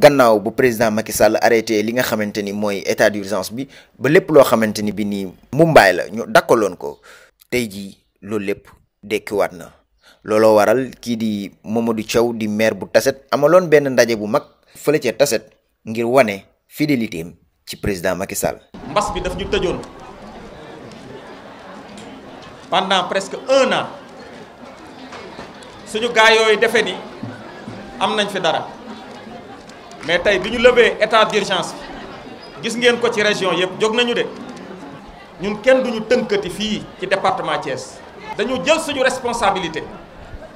gannaaw bu président Macky Sall arrêté li nga xamante ni état d'urgence bi ba lépp bini xamante bi nii Mumbaay la ñu dakkaloon ko tey jii loolu lépp waral kidi di Mamadou Thiaw di maire bu Tassette amalon benn ndaje bu mak fële ca Tassette ngir wane fidélité am ci président Macky Sall. mbas bi daf ñu tëjoon pendant presque an suñu ni am nañ fi dara. mais tay biñu levé état d'urgence gis ngeen ko ci région yépp jóg nañu de ñun kenn duñu tënkati fi ci département Thiès. dañu jël suñu responsabilité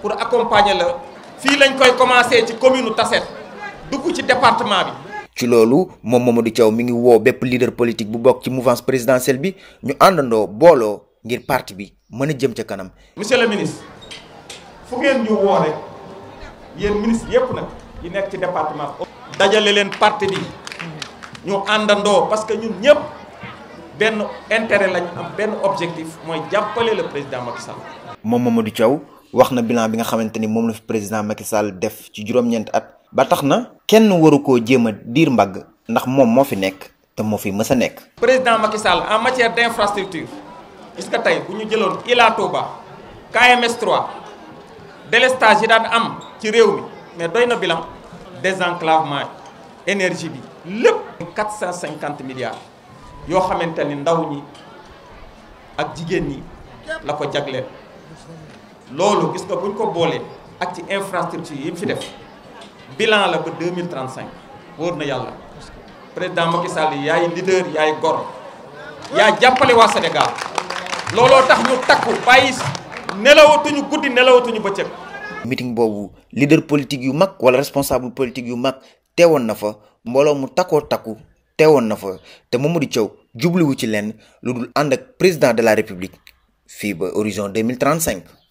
pour accompagner la fi lañ koy commencé ci commune Tasset duggu ci département bi. ci lolu mom Mamadou Thiaw mi ngi wo bép leader politique bu bok ci mouvance présidentielle bi ñu andando bolo ngir parti bi mëna jëm ci kanam. monsieur le ministre fu ngeen ñu wo rek yeen ministre yépp nak yi nekk ci département dajale leen parti bi ñu àndandoo parce que ñun ñëpp benn intérêt lañ am benn objectif mooy jàppale la président Macky Sall. moom du Thiaw wax na bilan bi nga xamante ni moom la fi président Macky Sall def ci juróom-ñeent at. ba tax na kenn waru koo jéem a diir mbagg ndax moom moo fi nekk te moo fi mës a nekk. président Macky Sall en matière d'infrastructure gis nga tey bu ñu jëloon Ila Touba KMS 3 délestage yi daan am ci réew mi mais doy na bilan. désenclavement énergie bi lépp 450 milliards Yo xamante ni ndaw ñi ak jigen ñi la ko jagleel lolu gis nga buñ ko bolé ak ci infrastructure yi fi def bilan la ba 2035 wóor na yalla président Macky Sall yaay leader yaay gor yaa jappalé wa Sénégal looloo tax ñu takku bàyyi nelawatuñu guddi nelawatuñu bëcëk meeting boobu leader politique yu mag wala responsable politique yu mag teewoon na fa mbooloo mu takkoo takku teewoon na fa te Mamadou Thiaw jubluwu ci leen lu dul ànd ak président de la république fii ba horizon 2035